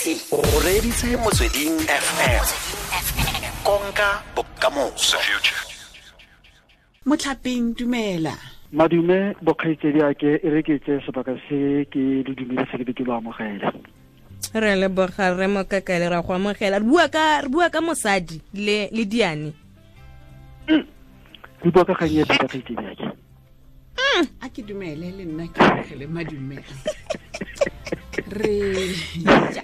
botse reditse motsweding fm konka bokamoso motlhapeng dumela madume bokgaitsedi ake e re ke tse sebaka se ke le se ke ke lo amogela re leboga re mokakale ra go amogela re bua ka mosadi le diane mm. re bua ka kgang ya bokgaitsedi ake mm. a ke dumele le nna ke amogele madume re ja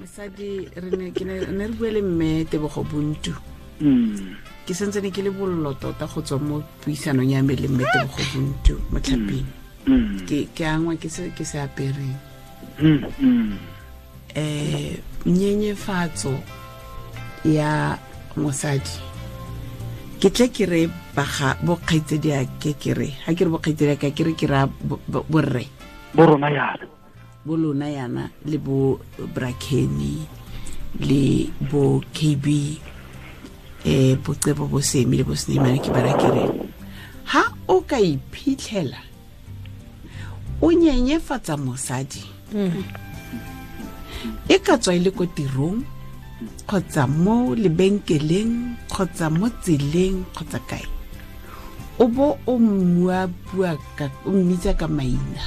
mosadi ne re buele mme tebogo bontu mm. ke sentsene ke le bollo tota go tswa mo puisanong ya me le mme tebogo bontu mo tlhapeng mm. ke angwe ke se apereng um mm, eh, nyenyefatso ya mosadi ke tle ke re bokgaitsedi a ke kere ga ke re bokgaitsedi a ka ke ke ra borre borona yana bo lona yana le bo brackeny le bo kb um eh, bocebo bo semi le bo senemane ke barakereng ha o ka iphitlhela o nyenyefatsa mosadi e ka tswa e le ko tirong kgotsa mo lebenkeleng kgotsa mo tseleng kgotsa kae o bo o mmua bua o mmitsa ka maina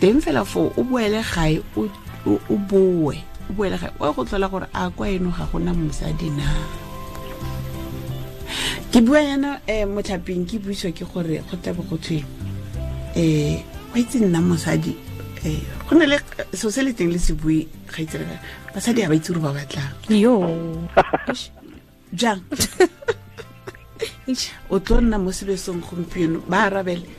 teng fela foo o boele gae o boe o boele gae o go tlhola gore a kwa eno ga gona mosadi na ke bua yana um eh, motlhapeng ke buisa ke gore go tlabe go thwe um eh, wa itse nna mosadi um go na le seo se le teng le se bue ga itse basadi a ba itse gore ba batlang jang o tlo nna mo sebesong gompieno ba arabele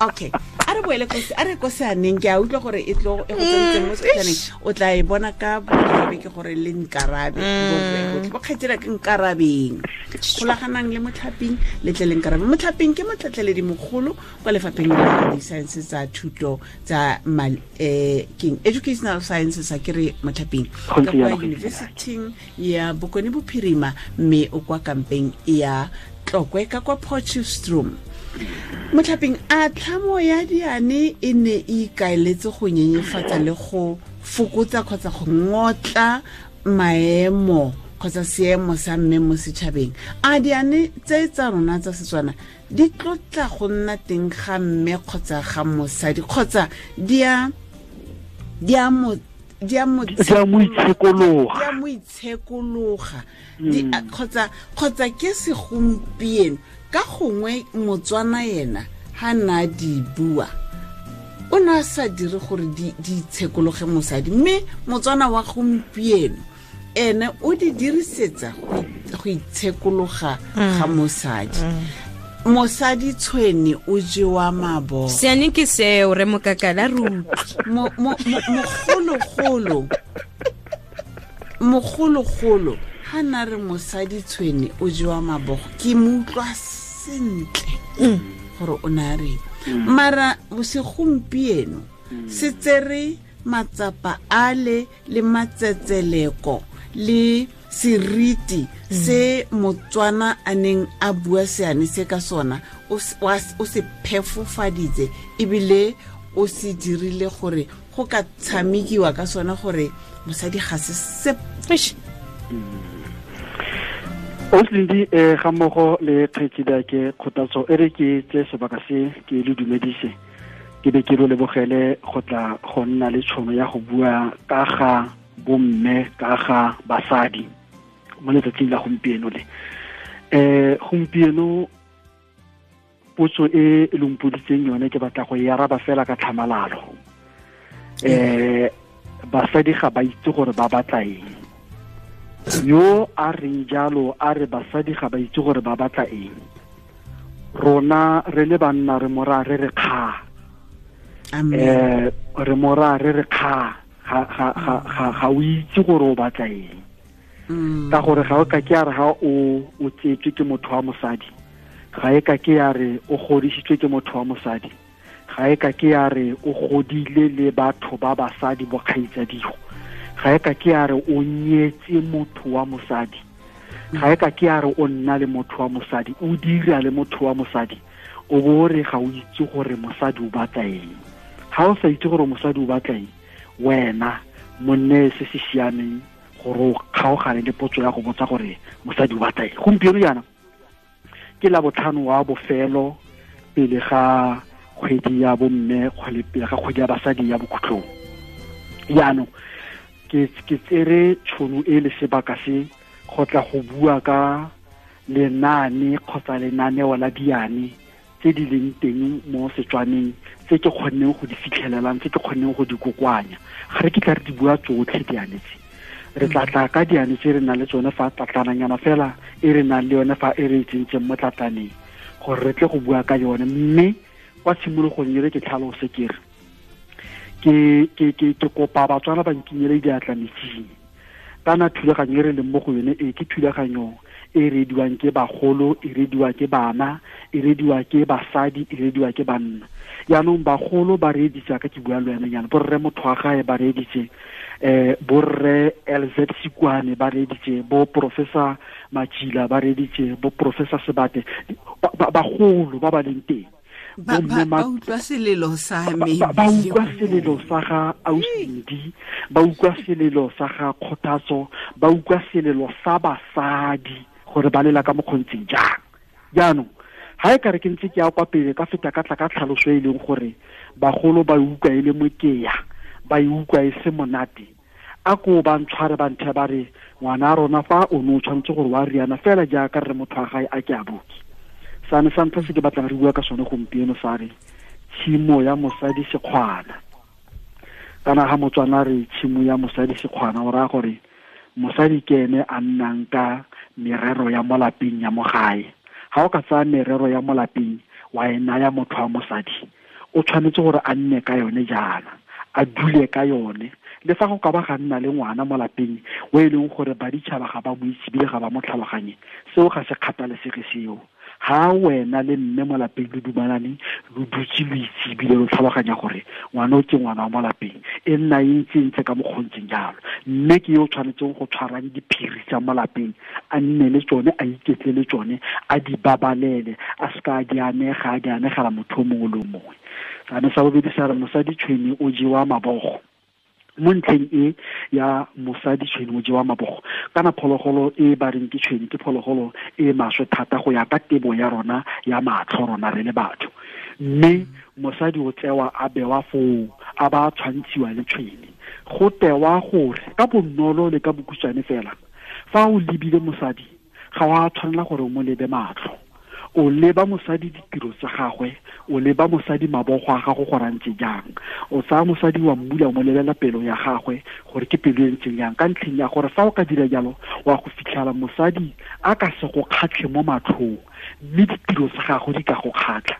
okay a re boele a re ko seaneng ke a utlwa gore e tlo e go tsentseng mo mm, setlhaneng o tla e bona ka borabe ke gore le nkarabe mm. bo kgetsela ke nkarabeng golaganang le motlhaping le tle le nkarabe motlhaping ke motlhatlheledi mogolo kwa lefapheng la di science tsa thuto tsa e, keng educational sciences a kere motlhaping ka kwa universityng ya bokone bophirima mme o kwa kampeng ya tlokwe ka kwa potchefstroom motlhapeng a tlhamo ya diane e ne e ikaeletse go nyenyefatsa le go fokotsa kgotsa go ngotla maemo kgotsa seemo sa mme mo setšhabeng a diane tse tsa rona tsa setswana di tlotla go nna teng ga mme kgotsa ga mosadi kgotsa di a mo di a moitshekologa kgotsa ke segompieno ka gongwe motswana yena ga na a di bua o ne a sa dire gore di itshekologe mosadi mme motswana wa gompieno ene o di dirisetsa go itshekologa mm. ga mosadi mm. mosadi tshwene o jewa mabone seane ke seo re mokakala rutlwe mogologolo mogologolo ga nna re mosadi tshwene o jewa mabogo ke mo utlwa sentle mm. gore o na reng mm. mara segompieno mm. se tsere matsapa ale le matsetseleko le seriti se motswana a neng a bua seane se ka sona o se phefofaditse ebile o se dirile gore go ka tshamekiwa ka sona gore mosadi ga se sepe oslindi e ga mogo le eh, kgetsida ke kgothatso e re ke tse sebaka se ke le dumedise ke be ke lo lebogele go tla go nna le tshono ya go bua ka ga bomme ka ga basadi mo letsatsing la gompieno le um gompieno potso e e yone ke batla go yaraba e fela ka tlhamalalo um basadi ga ba itse gore ba batla eng yo a reng jalo a re basadi ga ba itse gore ba batla eng rona re le banna re mora re re kga eh re mora re re kga ga ga ga ga o itse gore o batla eng mm. ka gore ga o ka ke a re ga o o tsetswe ke motho wa mosadi ga e ka ke ya re o godisitswe ke motho wa mosadi ga e ka ke ya re o godile le batho ba basadi bokgaitsadigo ga e ka ke a re o nyetse motho wa mosadi ga e ka ke a re o nna le motho wa mosadi o dira le motho wa mosadi o bo re ga o itse gore mosadi o batla eng ga o sa itse gore mosadi o batla eng wena monne se se siameng gore o kgaogane le potso ya go botsa gore mosadi o batla eng gompieno jaana ke la botlhano wa bofelo pele ga kgwedi ya bomme pele ga kgwedi ya basadi ya bokhutlong jaanong ke tsere tšhono e le sebaka se go tla go bua ka lenaane kgotsa lenaneo la diane tse di leng teng mo setswaneng tse ke kgonneng go di fitlhelelang tse ke kgonneng go di kokoanya ga re ke tla re di bua tsotlhe diane tse re tla tla ka diane tse re nang le tsone fa tlatlananyana fela e re nang le yone fa e re tsentseng mo tlataneng gore re tle go bua ka yone mme kwa tshimologong e re ke tlhalose kere ke ke ke ke kopa batswana ba nkinyele diatla metsing kana thulaganyo e re leng mo go yone e ke thulaganyo e, e rediwang ke bagolo e rediwa ke bana e rediwa ke basadi e rediwa ke banna yaanong bagolo ba reeditse ka ke bua le wena yana borre motho wa gae ba reeditse um borre lz sekwane ba reeditse bo professor majila ba reeditse bo professor sebate bagolo ba ba leng teng ba utlwa selelo sa ga ausindi ba utlwa selelo sa ga kgothatso ba utlwa selelo sa basadi gore ba lela ka mokgontseng jang jaanong ga e ka re ke ntse ke ya kwa pele ka feta ka tla ka tlhaloso e leng gore bagolo ba e utlwa e le mokeya ba e utlwa e se monate a ko ba ntshware ba nthe ba re ngwana a rona fa o ne o tshwanetse gore wa riana fela jaaka re motho wa gae a ke a boke sane sa ntlha se ke batlang re bua ka sone gompieno sa re tshimo ya mosadi sekgwana kana ga motswana re tshimo ya mosadi sekgwana o raya gore mosadi ke ene a nnang ka merero ya molapeng ya mogae ga o ka tsaya merero ya molapeng wa e naya motho wa mosadi o tshwanetse gore a nne ka yone jaana a dule ka yone le fa go ka ba ga nna le ngwana mo lapeng o e leng gore baditšhaba ga ba mo itse ga ba mo tlhaloganye seo ga se kgathalesege seo ha wena le mme mo lapeng le dumalaneng lo dutse lo itsebile lo tlhaloganya gore ngwana o ke ngwana wa mo lapeng e nna e ntse e ntse ka mokgontseng jalo mme ke yo o tshwanetseng go tshwarang diphiri tsa mo lapeng a nne le tsone a iketle le tsone a di babalele a seka a di anega a di anegela motho o mongwe le o mongwe sane sa bobedi sa re mosadi tshwene o jewa mabogo mo ntlheng e ya mosadi tshwene o jewa mabogo kana phologolo e ba reng ke tshwene ke phologolo e maswe thata go ya ka tebo ya rona ya matlho rona re le batho mme mosadi o tsewa a bewa foo a ba tshwantshiwa le tshwene go tewa gore ka bonolo le ka bokutswane fela fa o lebile mosadi ga o a tshwanela gore o mo lebe matlho o leba mosadi ditiro tsa gagwe o leba mosadi mabogo a gago gore a ntse jang o tsaya mosadi wa mmula o mo lebela pelo ya gagwe gore ke pelo e ntseng jang ka ntlheng ya gore fa o ka dira jalo wa go fitlhela mosadi a ka se go kgatlhe mo matlhong mme ditiro tsa gagwe di ka go kgatlha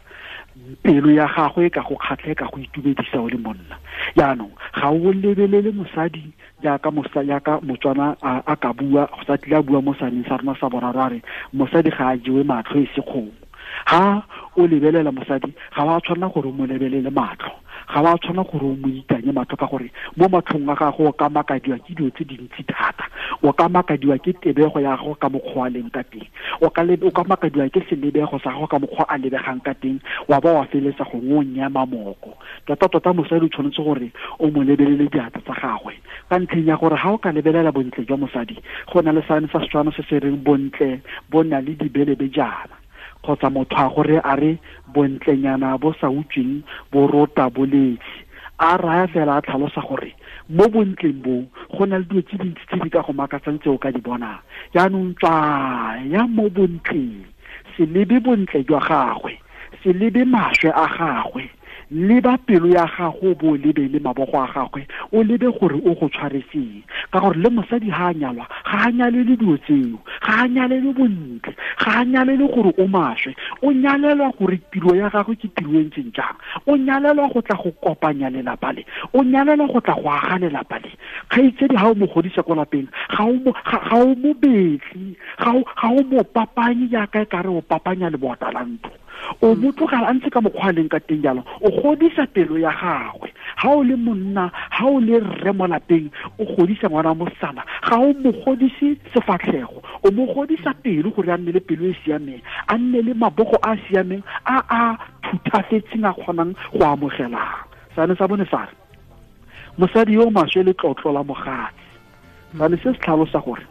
pelo ya gagwe e ka go kgatlhe ka go itumedisa o le monna jaanong ga o lebelele mosadi yaka motswana a ka bua go sa tlile bua mo sane sa rona sa boraro a re mosadi ga a jewe matlho e se kgomo ha o lebelela mosadi ga wa tshwana gore o mo lebelele matlho ga wa tshwana gore o mo ikanye matlho ka gore mo matlhong a gago o ka makadiwa ke dilo tse dintsi thata o ka makadiwa ke tebego ya gago ka mokgwa a leng ka teng o ka makadiwa ke selebego sa gago ka mokgwa a lebegang ka teng wa ba wa feletsa gongwe o nyama moko tota-tota mosadi o tshwanetse gore o mo lebelele diatla tsa gagwe ka ntlheng ya gore ga o ka lebelela bontle jwa mosadi go na le sane sa setswana se se reng bontle bo na le dibelebe jana kgotsa motho a gore a re bontlenyana bo sa utsweng bo rota bo a raya fela a tlhalosa gore mo bontleng bo go na le dilo tse dintsi tse di ka go makatsang tse o ka di bonang jaanong tswaya mo bontleng se lebe bontle jwa gagwe se lebe maswe a gagwe leba pelo ya gago bo lebe le mabogo a gagwe o lebe gore o go tshwareseng ka gore le mosadi ga a nyalwa ga a nyalele dilo tseo ga a nyalele bontle ga a nyalele gore o maswe o nyalelwa gore tiro ya gagwe ke tiro e ntseng jang o nyalelwa go tla go kopanya lelapa le o nyalelwa go tla go aga lelapa le kgaitsedi ga o mo godisa ko lapeng ga o mo betli ga o mo papanye jaaka e ka re o papanya lebota la ntlo o botlogala a ntse ka mokgwa a leng ka teng jalo o godisa pelo ya gagwe ga o le monna ga o le rre mo lapeng o godisa ngwana mosana ga o mo godise sefatlhego o mo godisa pelo gore a nne le pelo e, e siameng a nne le mabogo a a siameng a a thuthafetseng a kgonang go amogelang sane sa bone sare mosadi yo maswe le tlotlo la mogatsi sane se se tlhalosa gore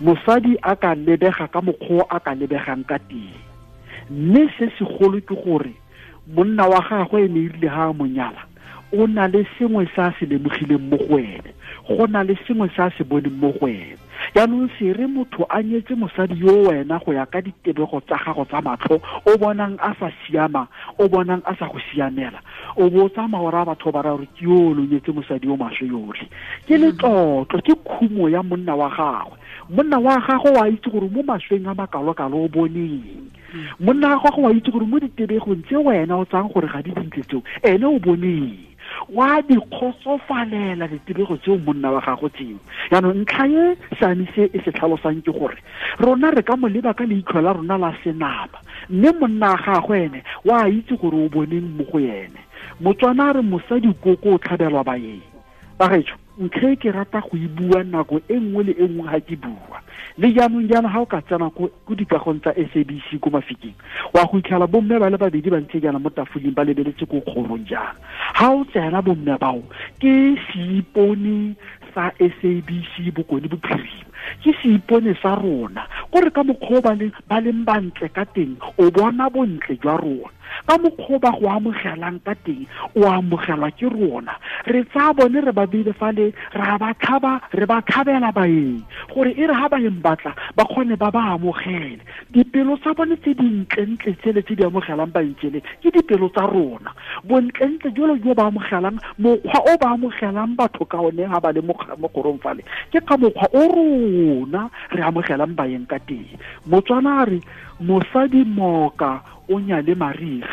mosadi a ka lebega ka mokgwa a ka lebegang ka teng mme se segolo ke gore monna wa gagwe e ne erile ga monyala o na le sengwe se a se lemogileng mo go ene go na le sengwe se a se boneng mo go ene jaanong se re motho a nyetse mosadi yo wena go ya ka ditebego tsa gago tsa matlho o bonang a sa siama o bonang a sa go siamela o bo o tsamaya ora batho ba ra ke yo lo nyetse mosadi yo mašwe yotlhe ke mm. letlotlo ke khumo ya monna wa gagwe monna wa gagwe o a itse gore mo mašweng a makalokalo o boneng monna ga gago wa itse gore mo ditebegong tse wena o tsang gore ga di dintle tseo ene o boneng wa di kgotsofalela ditebego tseo monna wa gago tseo yaanong ntlha e sane se e se tlhalosang ke gore rona re ka moleba ka leitlho la rona la senaba mme monna wa gago ene wa itse gore o boneng mo go ene motswana a re mosadi koko o tlhabelwa baeng ba gaetso ntho ke rata go e bua nako e nngwe le e nngwe ga ke bua le jaanong jaana ga o ka tsena ko dikagong tsa s c ko mafikeng wa go itlhela bomme ba le babedi ba ntse jana mo tafoleng ba lebeletse ko kgorong jaana ga o tsena bomme bao ke seipone sa c bokone bophirima ke seipone sa rona gore ka mokgwa o ba leng bantle ka teng o bona bontle jwa rona ka mokgwa o ba go amogelang ka teng o amogelwa ke rona re tsa bone re ba beile fale ra ba tlhaba re ba tlhabela baeng gore e re ha baeng batla ba kgone ba ba amogele dipelo tsa bone tse dintlentle tsele tse di amogelang baentšele ke dipelo tsa rona bontlentle jolo jo ba amogelang mokgwa o ba amogelang batho ka one ga ba le mo gorong fale ke ka mokgwa o rona rona re amogelang baeng ka teng motswana a re mosadi moka o nyale mariga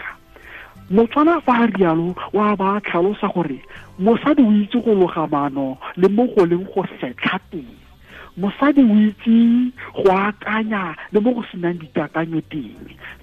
motswana fa a rialo wa ba tlhalosa gore mosadi o itse go loga maano le mo go leng go setlha teng mosadi o itse go akanya le mo go senang dikakanyo teng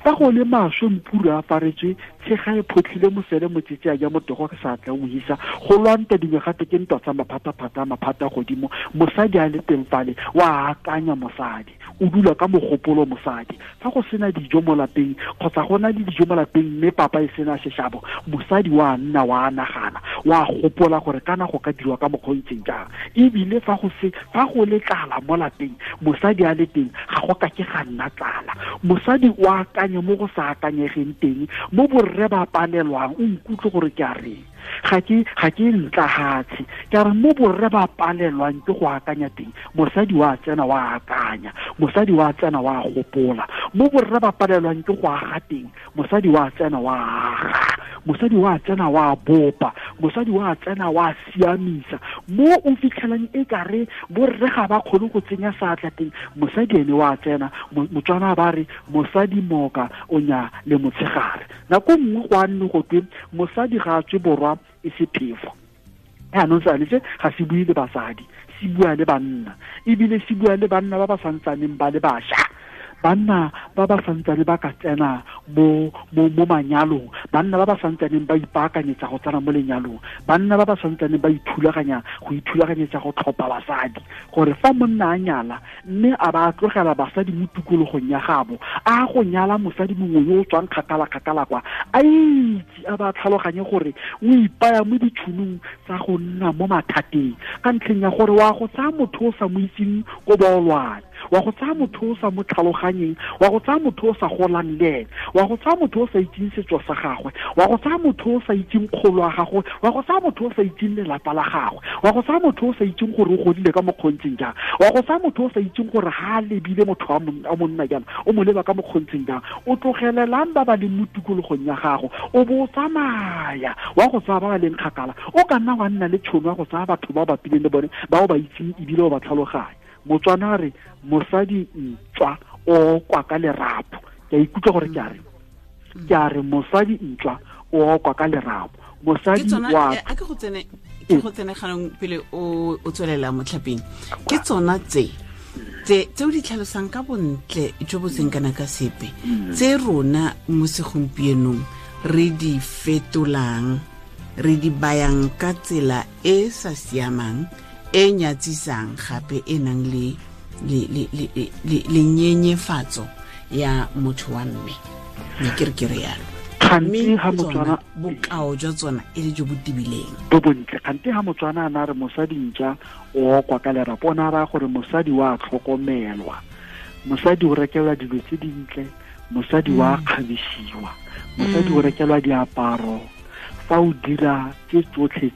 fa go le maswe mpuru a aparetswe tshega e photlhile mosele motsetse a ja motego ke sa tla o isa go lwanta dingwe gape ke ntwa tsa maphata-phata maphata godimo mosadi a le teng fale wa akanya mosadi o dula ka mogopolo mosadi fa go sena dijo mo lapeng kgotsa go na le dijo mo lapeng mme papa e sena seshabo mosadi wa nna wa nagana wa gopola gore kana go ka dirwa ka mokgontseng jang ebile fa go se fa go le tlala mo lapeng mosadi a le teng ga go ka ke ga nna tlala mosadi o akanye mo go sa akanyegeng teng mo borre ba palelwang o nkutlwe gore ke a reng ga ke ga ke hatse ka re mo borre ba palelwang ke go akanya teng mosadi wa tsena wa akanya mosadi wa tsena wa gopola mo borre ba palelwang ke go aga teng mosadi wa tsena wa aga mosadi wa tsena wa bopa mosadi wa tsena wa siamisa mo o fitlhelang e kare borre ga ba kgone go tsenya saatla teng mosadi ene wa tsena motswana ba re mosadi moka o nya le motshegare nako nngwe go a nne go twe mosadi ga a tswe borwa e se phefo yaanong sane se ga se bue le basadi se bua le banna ebile se bua le banna ba ba santsaneng ba le bašwa banna ba ba santsane ba ka tsena mo manyalong banna ba ba santsaneng ba ipaakanyetsa go tsena mo lenyalong banna ba ba santsaneng ba ithulaganya go ithulaganyetsa go tlhopha basadi gore fa monna a nyala mme a ba tlogela basadi mo tikologong ya gabo a go nyala mosadi mongwe yo o tswang kgakala-kgakala kwa a itse a ba tlhaloganye gore o ipaya mo ditšhonong tsa go nna mo mathateng ka ntlheng ya gore wa go tsaya motho o sa mo itseng ko boolwane wa go tsaya motho o sa mo tlhaloganyeng wa go tsaya motho o sa golang le ene wa go tsaya motho o sa itseng setso sa gagwe wa go tsaya motho o sa itseng kgolo ya gagwe wa go tsaya motho o sa itseng lelapa la gagwe wa go tsaya motho o sa itseng gore o godile ka mokgontseng jang wa go tsaya motho o sa itseng gore ga a lebile motho a monna jang o mo leba ka mokgontseng jang o tlogelelang ba ba leng mo tikologong ya gago o bo o tsamaya wa go tsaya ba ba leng kgakala o ka nna wa nna le tšhono ya go tsaya batho ba o bapileng le bone bao ba itseng ebile o ba tlhaloganya motswana re mosadi ntswa o kwa ka lerapo ke a ikutlwa gore ke a re ke a re mosadi ntswa o kwa ka lerapo mosadi wa eh, ke go tsene ganong pele o tswelela motlhapeng ke tsona tse tse o di tlhalosang ka bontle jo bo seng kana ka sepe tse rona mo segompienong re di fetolang re di bayang ka tsela e sa siamang e nyatsisang gape e nang le lenyenyefatso ya motho wa mme ne ke re ke re yalo bokao jwa tsona e le jo bo tibileng bo bontle gantsi ga motswana a na re mosadi ntja o okwa ka lerapo o na raya gore mosadi wa a tlhokomelwa mosadi o rekelwa dilo tse dintle mosadi wa a mm. kgabisiwa mosadi o mm. rekelwa diaparo fa o dira ke tsotlhe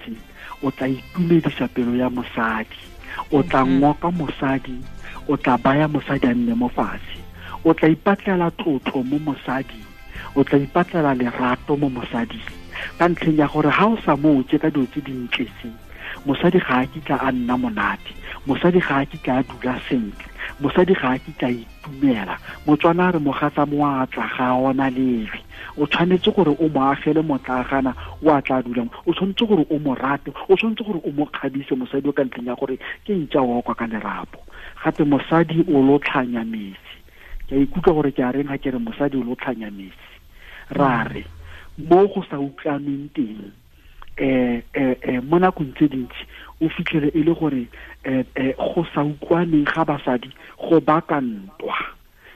o tla itumedisa pelo ya mosadi o tla mhm. ngoka mosadi o tla baya mosadi a nne mo fatshe o tla ipatlela tlotlo mo mosadi o tla ipatlela lerato mo mosading ka ntlheng ya gore ga o sa moje ka dilo tse dintleseng mosadi ga a kitla a nna monate mosadi ga a kitla a dula sentle mosadi ga a kitla itumela motswana a re mogatsa moatla ga a ona lefe o tshwanetse gore o mo agele motlagana o a tla dulang o tshwanetse gore o mo rate o tshwanetse gore o mo kgabise mosadi o ka ntleng ya gore ke ntša wa kwa ka lerapo gape mosadi o tlhanya metsi ke a ikutlwa gore ke a reng ga ke re mosadi o tlhanya metsi ra re mo go sa utlwaneng teng Eh, eh eh mo nakong tse dintsi o fitlhele e le gore eh, eh go sa ukwaneng ga basadi go baka ntwa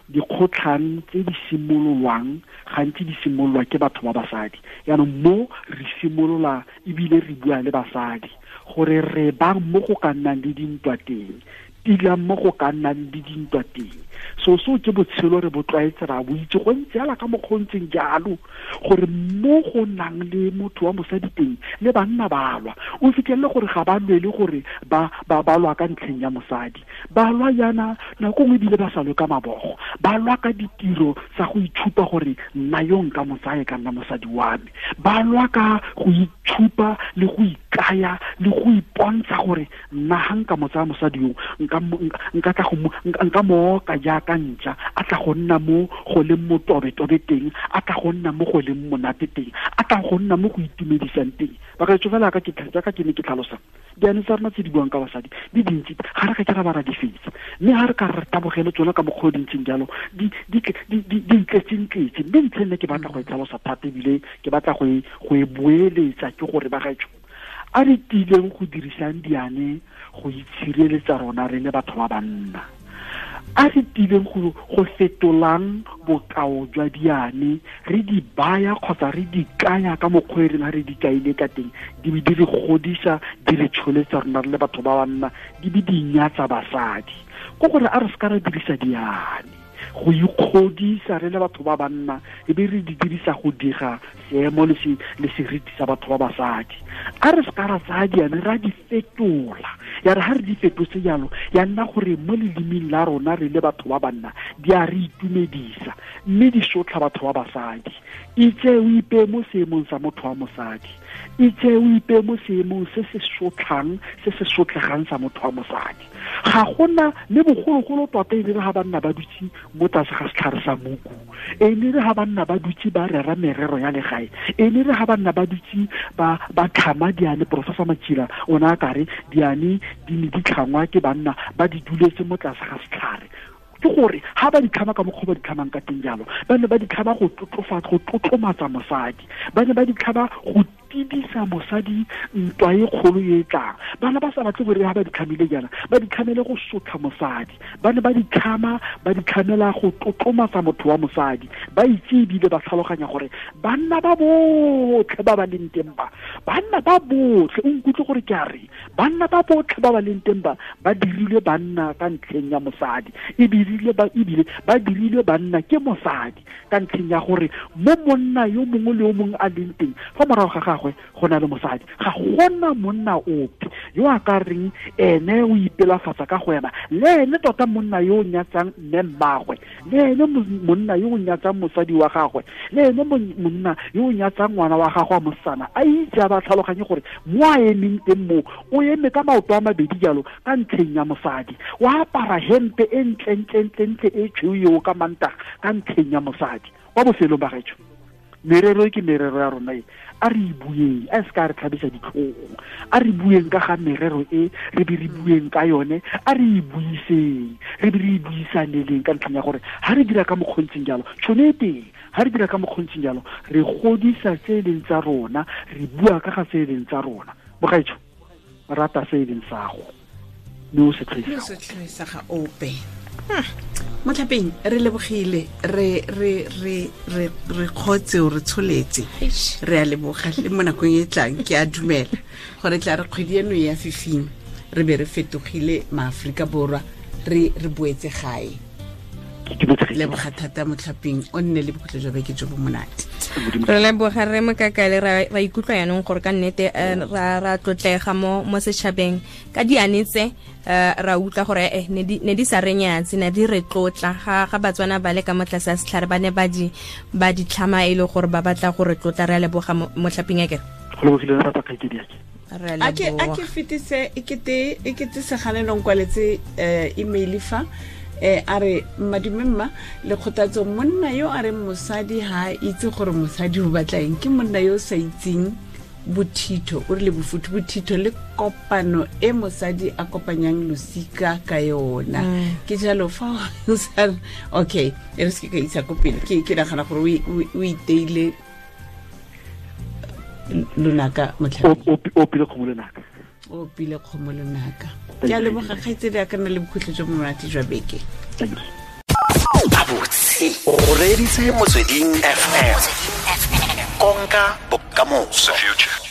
dikgotlhang tse di simololwang gantsi di simololwa ke batho ba basadi yaanong mo re simolola ebile re bua le basadi gore re ba mo go ka nnang le dintwa teng tila mo go ka nnang le dintwa teng so so ke botshelo re botlwaetsera tlwaetse ra bo itse go ntse ala ka mokgontseng jalo gore mo go nang le motho wa mosadi teng le banna ba lwa o fitlhelele gore ga ba lwele gore ba lwa ka ntlheng ya mosadi ba lwa yana nako nngwe ebile ba sa lwe ka mabogo ba lwa ka ditiro tsa go itshupa gore nna yo nka mosae ka nna mosadi wa me ba lwa ka go itshupa le go ikaya le go ipontsha gore nna ga nka motsaya mosadi yo nka nka tla go nka mo ka ja ka ntja a tla go nna mo go le mo tobe teng a tla go nna mo go le monate teng a tla go nna mo go itumedisang teng ba ka tsofela ka ke tlhatsa ka ke ne ke tlhalosang diane tsa rona tse di buang ka basadi di dintsi ga re ka ke ra ba di fetse mme ga re ka re tabogele tsona ka mokgwa o dintseng jalo di itletsengtletse mme ntlhe nne ke batla go e tlhalosa thata ebile ke batla go e, e boeletsa ke gore ba gaetso a re tileng go dirisang diane go itshireletsa rona re le batho ba banna a re tileng go fetolang bokao jwa diane re di baya kgotsa re di kanya ka mokgwa e rena re di kaile ka teng di be di re godisa di re tsholetsa rona re le batho ba banna di be di nyatsa basadi ko gore a re se ka ra dirisa diane go ikgodisa re le batho ba banna e be re di dirisa go dira seemo le seriti sa batho ba basadi a re se ka ra tsaya diane ra di fetola ya re ga re di fetotse jalo ya nna gore mo leleming la rona re le batho ba banna di a re itumedisa mme di sotlha batho ba basadi itse o ipe mo seemong sa motho wa mosadi itse o ipe mo seemong se se sotlhang se se sotlegang sa motho wa mosadi ga gona le bogologolo tota e le re ga banna ba dutse mo tlase ga setlhare sa moku e le re ga banna ba dutse ba rera merero ya legae e le re ga banna ba dutse ba tlhama diane professor matšila ona a kare diane di ne di tlhangwa ke banna ba di duletse mo tlase ga setlhare ke gore ha ba ditlhama ka mokgwa ba ditlhamang ka teng jalo ba ne ba ditlhama go tlotlomatsa go mosadi ba ne ba ditlhama go tidisa mosadi ntwa e kgolo e tlang bana ba sa batle bore ha ba ditlhamile jana ba ditlhamele go sotlha mosadi ba ne ba ditlhama ba ditlhamela go tlotlomatsa motho wa mosadi ba itse ebile ba tlhaloganya gore banna ba botlhe ba ba leng teng ba banna ba botlhe o nkutlwe gore ke a re banna ba botlhe ba ba leng teng ba ba dirilwe banna ka ntlheng ya mosadi ebile e ba dirilwe banna ke mosadi ka ntlheng ya gore mo monna yo mongwe le yo mongwe a leng teng fa morago ga gagwe go na le mosadi ga gona monna ope yo a ka reng ene o ipelafatsa ka go ema le ene tota monna yo o nyatsang mme mmagwe le ene monna yo o nyatsang mosadi wa gagwe le ene monna yo o nyatsang ngwana wa gagwe a mosana a itse a ba tlhaloganye gore mo a emeng teng moo o eme ka maoto a mabedi jalo ka ntlheng ya mosadi o apara hempe e ntlentlentlentle e tshweu yeo ka mantaga ka ntlheng ya mosadi kwa bofelong ba gaetso merero e ke merero ya rona e a re e bueng a se ka re tlhabisa ditlhogo a re bueng ka ga merero e re be re bueng ka yone a re e buiseng re be re e ka ntlheng ya gore ha re dira ka mokgontseng jalo tšhone e teng ha re dira ka mokgontseng jalo re godisa tse e leng tsa rona re bua ka ga tse e leng tsa rona bogaetsho rata se e leng sago mme o se tlhoisaga ope hm motlhapeng re lebogile re kgotse o re tsholetse re a leboga le mo nakong e tlang ke a dumela gore tla re kgwedi eno e ya fifing re be re fetogile maaforika borwa re re boetse gae leboga thata motlhapeng o nne le bokhutlo jwa beke jo bo monate re leboga re mokakale ra ikutlwa yanong gore ka nnete eh, ra tlotlega mo setšhabeng ka dianetse eh, ra utlwa gore e ne di sa re ne di re tlotla ga batswana ba le ka motlase a setlhare ba ne ba di tlhama e le gore ba batla gore tlotla re a leboga motlhaping ya kere a ke fetise e, e kete segalelong kwaletse email fa um a re madimemma mma lekgothatso monna yo a reng mosadi ga a itse gore mosadi o batlaeng ke monna yo o sa itseng bothitho o re le bofuthu bothitho le kopano e mosadi a kopanyang losika ka yona mm. ke jalo fa okay e re seke ka isa ko pele ke nagana gore o iteile lonaka motlhaopile kgomo lenaka o pile kgomo lenaka ke a leboga kgaitsedi a ka nna le bokhutlo jo morati jwa beke gabotse o reditse fm konka bokamoso